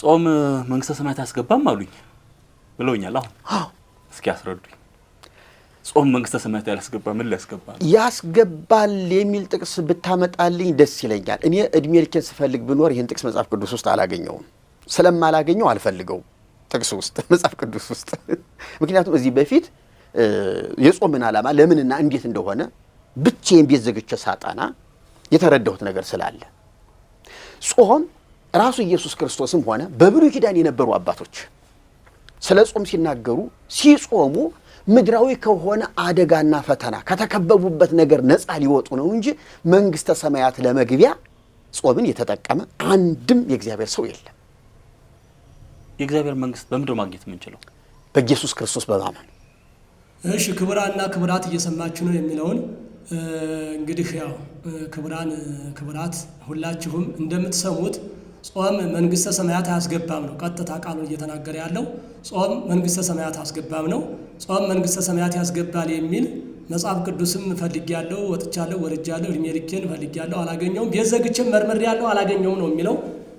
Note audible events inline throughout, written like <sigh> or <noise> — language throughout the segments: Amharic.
ጾም መንግስተ ሰማያት አያስገባም አሉኝ ብለውኛል። አሁን እስኪ ያስረዱኝ። ጾም መንግስተ ሰማያት ያላስገባ ምን ሊያስገባ ያስገባል የሚል ጥቅስ ብታመጣልኝ ደስ ይለኛል። እኔ እድሜ ልኬን ስፈልግ ብኖር ይህን ጥቅስ መጽሐፍ ቅዱስ ውስጥ አላገኘውም። ስለማላገኘው አልፈልገውም ጥቅስ ውስጥ <laughs> መጽሐፍ ቅዱስ ውስጥ <laughs> ምክንያቱም እዚህ በፊት የጾምን ዓላማ ለምንና እንዴት እንደሆነ ብቻዬን ቤት ዘግቼ ሳጠና የተረዳሁት ነገር ስላለ ጾም ራሱ ኢየሱስ ክርስቶስም ሆነ በብሉይ ኪዳን የነበሩ አባቶች ስለ ጾም ሲናገሩ ሲጾሙ ምድራዊ ከሆነ አደጋና ፈተና ከተከበቡበት ነገር ነፃ ሊወጡ ነው እንጂ መንግስተ ሰማያት ለመግቢያ ጾምን የተጠቀመ አንድም የእግዚአብሔር ሰው የለም። የእግዚአብሔር መንግስት በምድር ማግኘት የምንችለው በኢየሱስ ክርስቶስ በማመን እሺ። ክቡራንና ክቡራት እየሰማችሁ ነው የሚለውን እንግዲህ ያው ክቡራን ክቡራት ሁላችሁም እንደምትሰሙት ጾም መንግስተ ሰማያት አያስገባም ነው። ቀጥታ ቃሉ እየተናገረ ያለው ጾም መንግስተ ሰማያት አያስገባም ነው። ጾም መንግስተ ሰማያት ያስገባል የሚል መጽሐፍ ቅዱስም ፈልጌያለሁ፣ ወጥቻለሁ፣ ወርጃለሁ፣ እድሜ ልኬን ፈልጌያለሁ፣ አላገኘውም፣ ቤት መርመር ያለው አላገኘውም ነው የሚለው።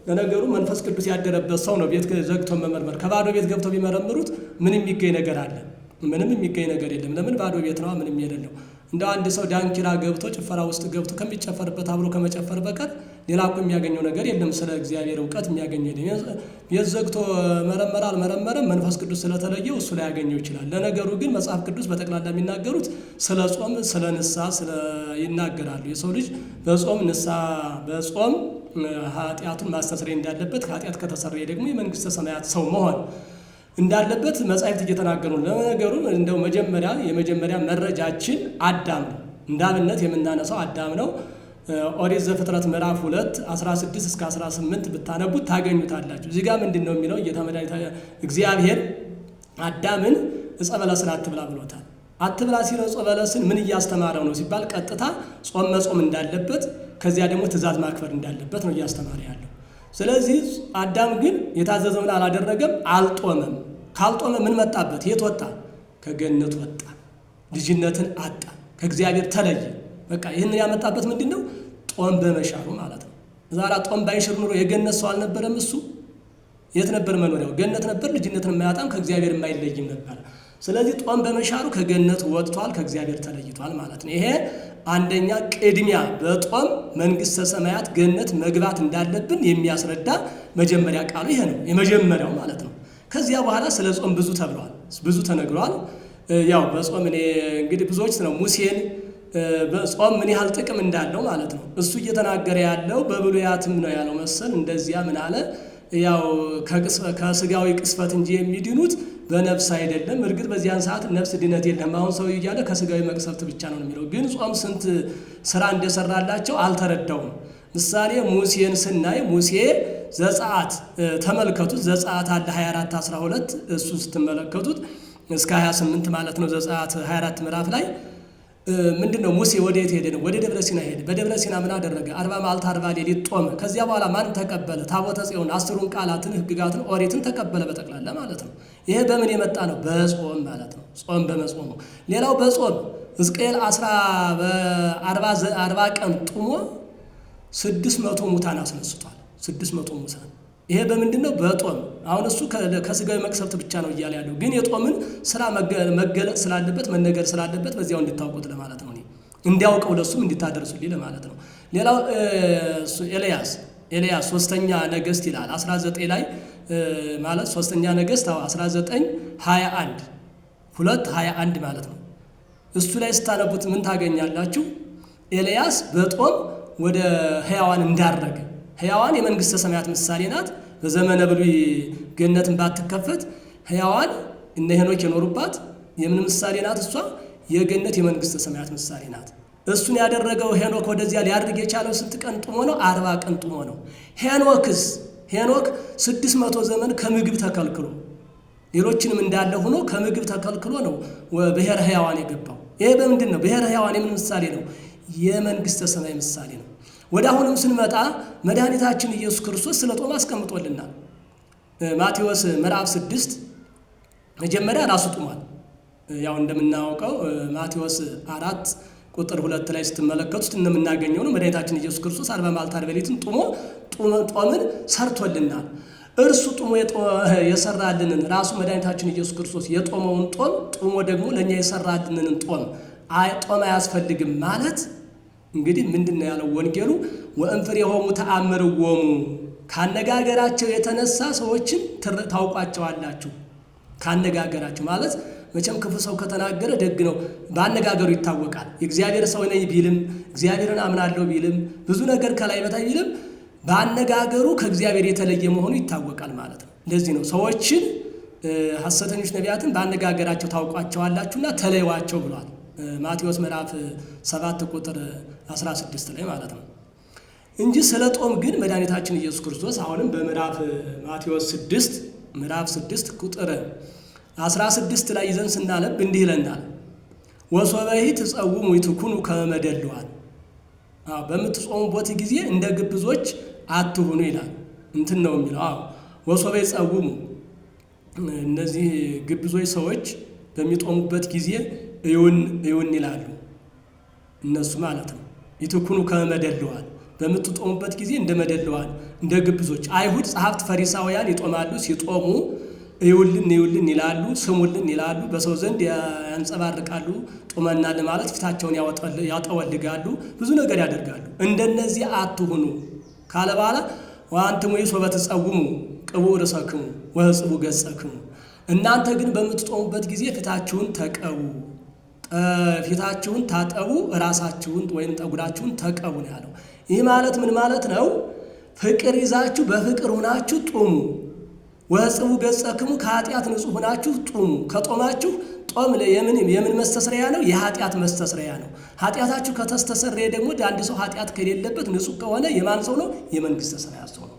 ለነገሩ መንፈስ ቅዱስ ያደረበት ሰው ነው ቤት ዘግቶ መመርመር። ከባዶ ቤት ገብቶ ቢመረምሩት ምን የሚገኝ ነገር አለ? ምንም የሚገኝ ነገር የለም። ለምን ባዶ ቤት ነው፣ ምንም የሌለው። እንደ አንድ ሰው ዳንኪራ ገብቶ ጭፈራ ውስጥ ገብቶ ከሚጨፈርበት አብሮ ከመጨፈር በቀር ሌላ እኮ የሚያገኘው ነገር የለም። ስለ እግዚአብሔር እውቀት የሚያገኘው የለም። ቤት ዘግቶ መረመረ አልመረመረም መንፈስ ቅዱስ ስለተለየው እሱ ላይ ያገኘው ይችላል። ለነገሩ ግን መጽሐፍ ቅዱስ በጠቅላላ የሚናገሩት ስለ ጾም፣ ስለ ንሳ ስለ ይናገራሉ። የሰው ልጅ በጾም ንሳ በጾም ኃጢአቱን ማስተስረይ እንዳለበት ኃጢአት ከተሰረየ ደግሞ የመንግስተ ሰማያት ሰው መሆን እንዳለበት መጻሕፍት እየተናገሩ ለነገሩ እንደው መጀመሪያ የመጀመሪያ መረጃችን አዳም ነው። እንዳብነት የምናነሳው አዳም ነው። ኦሪት ዘፍጥረት ምዕራፍ 2 16 እስከ 18 ብታነቡት ታገኙታላችሁ። እዚህ ጋር ምንድን ነው የሚለው? እግዚአብሔር አዳምን እጸ በለስን አትብላ ብሎታል። አትብላ ሲለው እጸ በለስን ምን እያስተማረው ነው ሲባል ቀጥታ ጾም መጾም እንዳለበት ከዚያ ደግሞ ትእዛዝ ማክበር እንዳለበት ነው እያስተማረ ያለው። ስለዚህ አዳም ግን የታዘዘውን አላደረገም፣ አልጦመም። ካልጦመ ምን መጣበት? የት ወጣ? ከገነት ወጣ። ልጅነትን አጣ። ከእግዚአብሔር ተለየ። በቃ ይህንን ያመጣበት ምንድን ነው? ጦም በመሻሩ ማለት ነው። ዛራ ጦም ባይሽር ኑሮ የገነት ሰው አልነበረም። እሱ የት ነበር መኖሪያው? ገነት ነበር። ልጅነትን የማያጣም ከእግዚአብሔር የማይለይም ነበር። ስለዚህ ጦም በመሻሩ ከገነት ወጥቷል፣ ከእግዚአብሔር ተለይቷል ማለት ነው። ይሄ አንደኛ ቅድሚያ በጦም መንግስተ ሰማያት ገነት መግባት እንዳለብን የሚያስረዳ መጀመሪያ ቃሉ ይሄ ነው፣ የመጀመሪያው ማለት ነው። ከዚያ በኋላ ስለ ጾም ብዙ ተብሏል፣ ብዙ ተነግሯል። ያው በጾም እኔ እንግዲህ ብዙዎች ነው ሙሴን ጾም ምን ያህል ጥቅም እንዳለው ማለት ነው። እሱ እየተናገረ ያለው በብሉያትም ነው ያለው መሰል እንደዚያ ምን አለ ያው ከስጋዊ ቅስፈት እንጂ የሚድኑት በነፍስ አይደለም። እርግጥ በዚያን ሰዓት ነፍስ ድነት የለም። አሁን ሰው እያለ ከስጋዊ መቅሰፍት ብቻ ነው የሚለው። ግን ጾም ስንት ስራ እንደሰራላቸው አልተረዳውም። ምሳሌ ሙሴን ስናይ ሙሴ ዘጸአት ተመልከቱት። ዘጸአት አለ 24 12 እሱ ስትመለከቱት እስከ 28 ማለት ነው። ዘጸአት 24 ምዕራፍ ላይ ምንድን ነው ሙሴ ወዴት ሄደ? ነው ወደ ደብረ ሲና ሄደ። በደብረ ሲና ምን አደረገ? አርባ መዓልት አርባ ሌሊት ጦመ። ከዚያ በኋላ ማን ተቀበለ? ታቦተ ጽዮን አስሩን ቃላትን ህግጋትን ኦሪትን ተቀበለ በጠቅላላ ማለት ነው። ይሄ በምን የመጣ ነው? በጾም ማለት ነው። ጾም በመጾም ነው። ሌላው በጾም ሕዝቅኤል አርባ ቀን ጡሞ ስድስት መቶ ሙታን አስነስቷል። ስድስት መቶ ሙታን ይሄ በምንድን ነው? በጦም አሁን እሱ ከስጋዊ መቅሰፍት ብቻ ነው እያለ ያለው ግን የጦምን ስራ መገለጥ ስላለበት መነገር ስላለበት በዚያው እንድታውቁት ለማለት ነው። እንዲያውቀው ለሱም እንድታደርሱልኝ ለማለት ነው። ሌላው ኤልያስ ኤልያስ ሶስተኛ ነገስት ይላል 19 ላይ ማለት ሶስተኛ ነገስት 19 21 ሁለት 21 ማለት ነው። እሱ ላይ ስታነቡት ምን ታገኛላችሁ? ኤልያስ በጦም ወደ ህያዋን እንዳረገ ሕያዋን የመንግሥተ ሰማያት ምሳሌ ናት። በዘመነ ብሉይ ገነትን ባትከፈት ሕያዋን እነ ሄኖክ የኖሩባት የምን ምሳሌ ናት? እሷ የገነት የመንግሥተ ሰማያት ምሳሌ ናት። እሱን ያደረገው ሄኖክ ወደዚያ ሊያድርግ የቻለው ስንት ቀን ጥሞ ነው? አርባ ቀን ጥሞ ነው። ሄኖክስ ሄኖክ ስድስት መቶ ዘመን ከምግብ ተከልክሎ ሌሎችንም እንዳለ ሆኖ ከምግብ ተከልክሎ ነው ብሔረ ሕያዋን የገባው። ይሄ በምንድን ነው? ብሔረ ሕያዋን የምን ምሳሌ ነው? የመንግሥተ ሰማይ ምሳሌ ነው። ወደ አሁንም ስንመጣ መድኃኒታችን ኢየሱስ ክርስቶስ ስለ ጦም አስቀምጦልናል። ማቴዎስ ምዕራፍ ስድስት መጀመሪያ ራሱ ጡሟል። ያው እንደምናውቀው ማቴዎስ አራት ቁጥር ሁለት ላይ ስትመለከቱት እንደምናገኘው ነው። መድኃኒታችን ኢየሱስ ክርስቶስ አርባ መዓልተ አርባ ሌሊትን ጡሞ ጦምን ሰርቶልናል። እርሱ ጡሞ የሰራልንን ራሱ መድኃኒታችን ኢየሱስ ክርስቶስ የጦመውን ጦም ጡሞ ደግሞ ለእኛ የሰራልንን ጦም ጦም አያስፈልግም ማለት እንግዲህ ምንድን ነው ያለው ወንጌሉ? ወእምፍሬሆሙ ተአምርዎሙ ካነጋገራቸው የተነሳ ሰዎችን ታውቋቸዋላችሁ። ካነጋገራቸው ማለት መቼም ክፉ ሰው ከተናገረ ደግ ነው፣ በአነጋገሩ ይታወቃል። የእግዚአብሔር ሰው ነኝ ቢልም እግዚአብሔርን አምናለሁ ቢልም ብዙ ነገር ከላይ በታይ ቢልም በአነጋገሩ ከእግዚአብሔር የተለየ መሆኑ ይታወቃል ማለት ነው። እንደዚህ ነው ሰዎችን ሐሰተኞች ነቢያትን በአነጋገራቸው ታውቋቸዋላችሁና ተለይዋቸው ብሏል። ማቴዎስ ምዕራፍ 7 ቁጥር 16 ላይ ማለት ነው እንጂ ስለ ጦም ግን መድኃኒታችን ኢየሱስ ክርስቶስ አሁንም በምዕራፍ ማቴዎስ 6 ምዕራፍ 6 ቁጥር 16 ላይ ይዘን ስናነብ እንዲህ ይለናል ወሶበሂ ትጸውሙ ይትኩኑ ከመደልዋል በምትጾሙበት ጊዜ እንደ ግብዞች አትሁኑ ይላል። እንትን ነው የሚለው አዎ ወሶበ ይጸውሙ እነዚህ ግብዞች ሰዎች በሚጦሙበት ጊዜ እዩን እዩን ይላሉ እነሱ ማለት ነው። ኢትኩኑ ከመደልዋል በምትጦሙበት ጊዜ እንደ መደልዋል እንደ ግብዞች አይሁድ፣ ጸሐፍት፣ ፈሪሳውያን ይጦማሉ። ሲጦሙ እዩልን እዩልን ይላሉ፣ ስሙልን ይላሉ፣ በሰው ዘንድ ያንጸባርቃሉ። ጦመና ለማለት ፊታቸውን ያጠወልጋሉ፣ ብዙ ነገር ያደርጋሉ። እንደነዚህ አትሁኑ ካለ በኋላ ወአንትሙ የሶበ ትጸውሙ ቅቡ ርእሰክሙ ወሕጽቡ ገጸክሙ እናንተ ግን በምትጦሙበት ጊዜ ፊታችሁን ተቀቡ ፊታችሁን ታጠቡ፣ ራሳችሁን ወይም ጠጉራችሁን ተቀቡ ነው ያለው። ይህ ማለት ምን ማለት ነው? ፍቅር ይዛችሁ በፍቅር ሁናችሁ ጡሙ። ወጽቡ ገጸክሙ ከኃጢአት ንጹሕ ሁናችሁ ጡሙ። ከጦማችሁ ጦም የምን የምን መስተስሪያ ነው? የኃጢአት መስተስሪያ ነው። ኃጢአታችሁ ከተስተሰረየ ደግሞ አንድ ሰው ኃጢአት ከሌለበት ንጹሕ ከሆነ የማን ሰው ነው? የመንግሥተ ሰማያት ሰው ነው።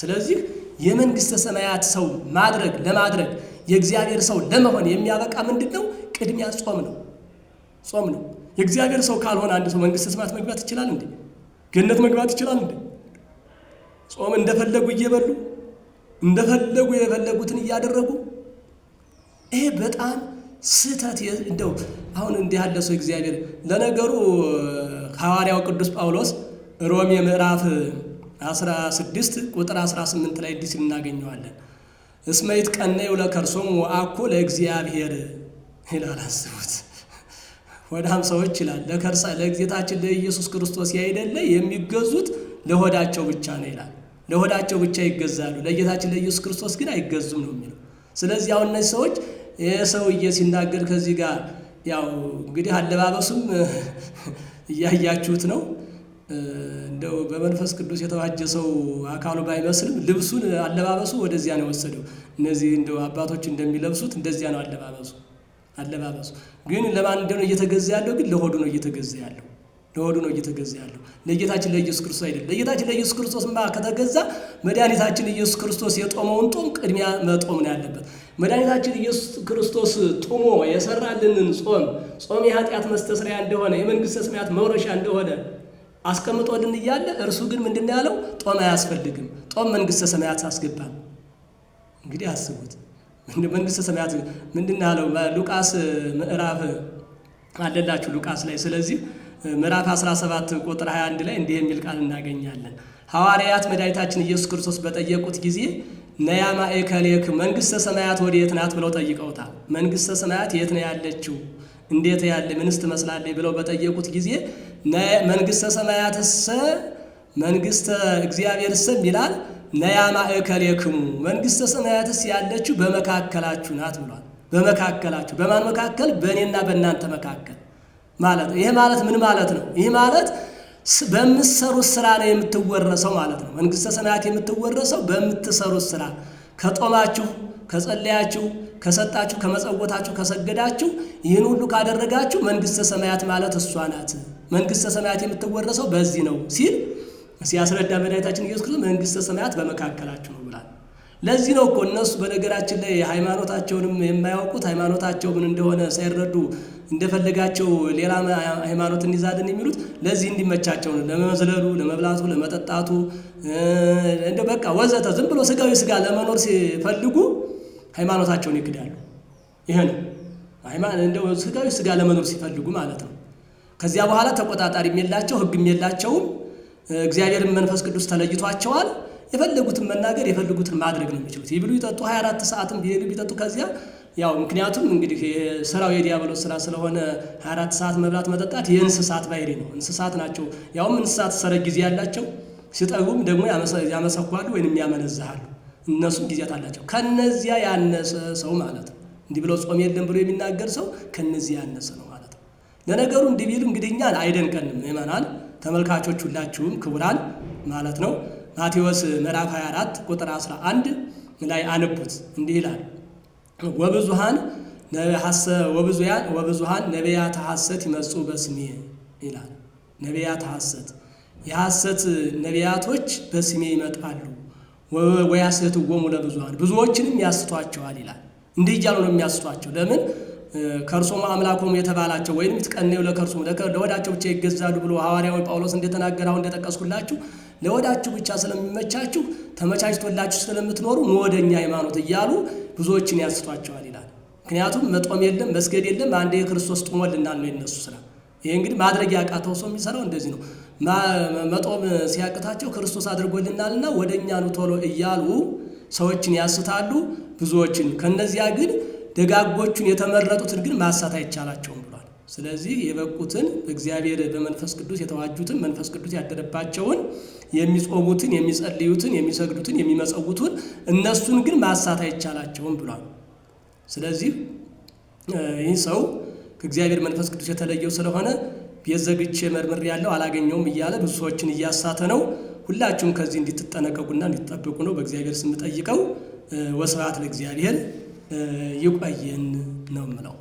ስለዚህ የመንግስተ ሰማያት ሰው ማድረግ ለማድረግ የእግዚአብሔር ሰው ለመሆን የሚያበቃ ምንድን ነው? ቅድሚያ ጾም ነው። ጾም ነው። የእግዚአብሔር ሰው ካልሆነ አንድ ሰው መንግስተ ሰማያት መግባት ይችላል እንዴ? ገነት መግባት ይችላል እንዴ? ጾም እንደፈለጉ እየበሉ እንደፈለጉ የፈለጉትን እያደረጉ ይሄ በጣም ስህተት እንደው አሁን እንዲህ ያለ ሰው እግዚአብሔር ለነገሩ ሐዋርያው ቅዱስ ጳውሎስ ሮሜ ምዕራፍ 16 ቁጥር 18 ላይ እንዲህ ሲል እናገኘዋለን። እስመይት ቀነዩ ለከርሶሙ ወአኩ ለእግዚአብሔር ይላል። አስቡት ሆዳም ሰዎች ይላል ለከርሳ ለጌታችን ለኢየሱስ ክርስቶስ ያይደለ የሚገዙት ለሆዳቸው ብቻ ነው ይላል። ለሆዳቸው ብቻ ይገዛሉ፣ ለጌታችን ለኢየሱስ ክርስቶስ ግን አይገዙም ነው የሚለው። ስለዚህ አሁን እነዚህ ሰዎች ይህ ሰውዬ ሲናገር ከዚህ ጋር ያው እንግዲህ አለባበሱም እያያችሁት ነው እንደው በመንፈስ ቅዱስ የተዋጀ ሰው አካሉ ባይመስልም ልብሱን አለባበሱ ወደዚያ ነው የወሰደው። እነዚህ እንደው አባቶች እንደሚለብሱት እንደዚያ ነው አለባበሱ አለባበሱ ግን ለማን እንደሆነ እየተገዛ ያለው ግን ለሆዱ ነው እየተገዛ ያለው ለሆዱ ነው እየተገዛ ያለው ለጌታችን ለኢየሱስ ክርስቶስ አይደለም። ለጌታችን ለኢየሱስ ክርስቶስማ ከተገዛ መድኃኒታችን ኢየሱስ ክርስቶስ የጦመውን ጦም ቅድሚያ መጦም ነው ያለበት። መድኃኒታችን ኢየሱስ ክርስቶስ ጦሞ የሰራልንን ጾም ጾም የኃጢአት መስተስሪያ እንደሆነ የመንግሥተ ሰማያት መውረሻ እንደሆነ አስቀምጦልን እያለ እርሱ ግን ምንድን ያለው ጦም አያስፈልግም፣ ጦም መንግስተ ሰማያት አስገባም። እንግዲህ አስቡት መንግስተ ሰማያት ምንድን ያለው ሉቃስ ምዕራፍ አለላችሁ ሉቃስ ላይ ስለዚህ ምዕራፍ 17 ቁጥር 21 ላይ እንዲህ የሚል ቃል እናገኛለን። ሐዋርያት መድኃኒታችን ኢየሱስ ክርስቶስ በጠየቁት ጊዜ ነያማ ኤከሌክ መንግስተ ሰማያት ወዴት ናት ብለው ጠይቀውታል። መንግስተ ሰማያት የት ነው ያለችው? እንዴት ያለ ምንስ ትመስላለች? ብለው በጠየቁት ጊዜ መንግሥተ ሰማያትሰ መንግሥተ እግዚአብሔርሰ ይላል ነያ ማእከሌክሙ መንግሥተ ሰማያትስ ያለችው በመካከላችሁ ናት ብሏል። በመካከላችሁ በማን መካከል? በእኔና በእናንተ መካከል ማለት ነው። ይሄ ማለት ምን ማለት ነው? ይህ ማለት በምትሰሩት ስራ ነው የምትወረሰው ማለት ነው። መንግስተ ሰማያት የምትወረሰው በምትሰሩት ስራ ከጦማችሁ፣ ከጸለያችሁ፣ ከሰጣችሁ፣ ከመጸወታችሁ፣ ከሰገዳችሁ ይህን ሁሉ ካደረጋችሁ መንግስተ ሰማያት ማለት እሷ ናት። መንግስተ ሰማያት የምትወረሰው በዚህ ነው ሲል ሲያስረዳ መድኃኒታችን ኢየሱስ ክርስቶስ መንግስተ ሰማያት በመካከላችሁ ነው ብላል። ለዚህ ነው እኮ እነሱ በነገራችን ላይ ሃይማኖታቸውንም የማያውቁት ሃይማኖታቸው ምን እንደሆነ ሳይረዱ እንደፈለጋቸው ሌላ ሃይማኖት እንይዛለን የሚሉት ለዚህ እንዲመቻቸው ነው። ለመዝለሉ፣ ለመብላቱ፣ ለመጠጣቱ እንደ በቃ ወዘተ ዝም ብሎ ስጋዊ ስጋ ለመኖር ሲፈልጉ ሃይማኖታቸውን ይክዳሉ። ይሄ ነው ስጋዊ ስጋ ለመኖር ሲፈልጉ ማለት ነው። ከዚያ በኋላ ተቆጣጣሪም የላቸው ሕግም የላቸውም። እግዚአብሔርን መንፈስ ቅዱስ ተለይቷቸዋል። የፈለጉትን መናገር የፈለጉትን ማድረግ ነው የሚችሉት። ይብሉ ይጠጡ 24 ሰዓትም ቢሄዱ ቢጠጡ ከዚያ ያው ምክንያቱም እንግዲህ ስራው የዲያብሎስ ስራ ስለሆነ 24 ሰዓት መብላት መጠጣት የእንስሳት ባይሪ ነው። እንስሳት ናቸው። ያውም እንስሳት ሰረቅ ጊዜ ያላቸው ሲጠጉም ደግሞ ያመሰኳሉ ወይንም ያመነዝሃሉ። እነሱም ጊዜያት አላቸው። ከነዚያ ያነሰ ሰው ማለት ነው። እንዲህ ብሎ ጾም የለም ብሎ የሚናገር ሰው ከነዚያ ያነሰ ነው። ለነገሩ እንዲህ ቢል እንግዲህ እኛን አይደንቀንም ምዕመናን ተመልካቾች ሁላችሁም ክቡራን ማለት ነው። ማቴዎስ ምዕራፍ 24 ቁጥር 11 ላይ አንቡት እንዲህ ይላል ወብዙሃን ወብዙሃን ነቢያተ ሐሰት ይመጹ በስሜ ይላል። ነቢያተ ሐሰት የሐሰት ነቢያቶች በስሜ ይመጣሉ ወያስቱ ወሙ ለብዙሃን ብዙዎችንም ያስቷቸዋል ይላል። እንዲህ እያሉ ነው የሚያስቷቸው ለምን ከእርሱም አምላኮም የተባላቸው ወይም ይትቀኔው ለከርሱም ለወዳቸው ብቻ ይገዛሉ ብሎ ሐዋርያዊ ጳውሎስ እንደተናገረ አሁን እንደጠቀስኩላችሁ ለወዳችሁ ብቻ ስለሚመቻችሁ ተመቻችቶላችሁ ስለምትኖሩ መወደኛ ሃይማኖት እያሉ ብዙዎችን ያስቷቸዋል ይላል። ምክንያቱም መጦም የለም መስገድ የለም አንዴ የክርስቶስ ጥሞልናል ነው የነሱ ስራ። ይህ እንግዲህ ማድረግ ያቃተው ሰው የሚሰራው እንደዚህ ነው። መጦም ሲያቅታቸው ክርስቶስ አድርጎልናልና ወደ እኛ ኑ ቶሎ እያሉ ሰዎችን ያስታሉ ብዙዎችን ከነዚያ ግን ደጋጎቹን የተመረጡትን ግን ማሳት አይቻላቸውም ብሏል። ስለዚህ የበቁትን በእግዚአብሔር በመንፈስ ቅዱስ የተዋጁትን መንፈስ ቅዱስ ያደረባቸውን የሚጾሙትን፣ የሚጸልዩትን፣ የሚሰግዱትን፣ የሚመጸውቱን እነሱን ግን ማሳት አይቻላቸውም ብሏል። ስለዚህ ይህ ሰው ከእግዚአብሔር መንፈስ ቅዱስ የተለየው ስለሆነ ቤት ዘግቼ ያለው አላገኘውም እያለ ብዙ ሰዎችን እያሳተ ነው። ሁላችሁም ከዚህ እንዲትጠነቀቁና እንዲትጠብቁ ነው በእግዚአብሔር ስም ጠይቀው። ወስብሐት ለእግዚአብሔር። ይቆየን ነው የምለው።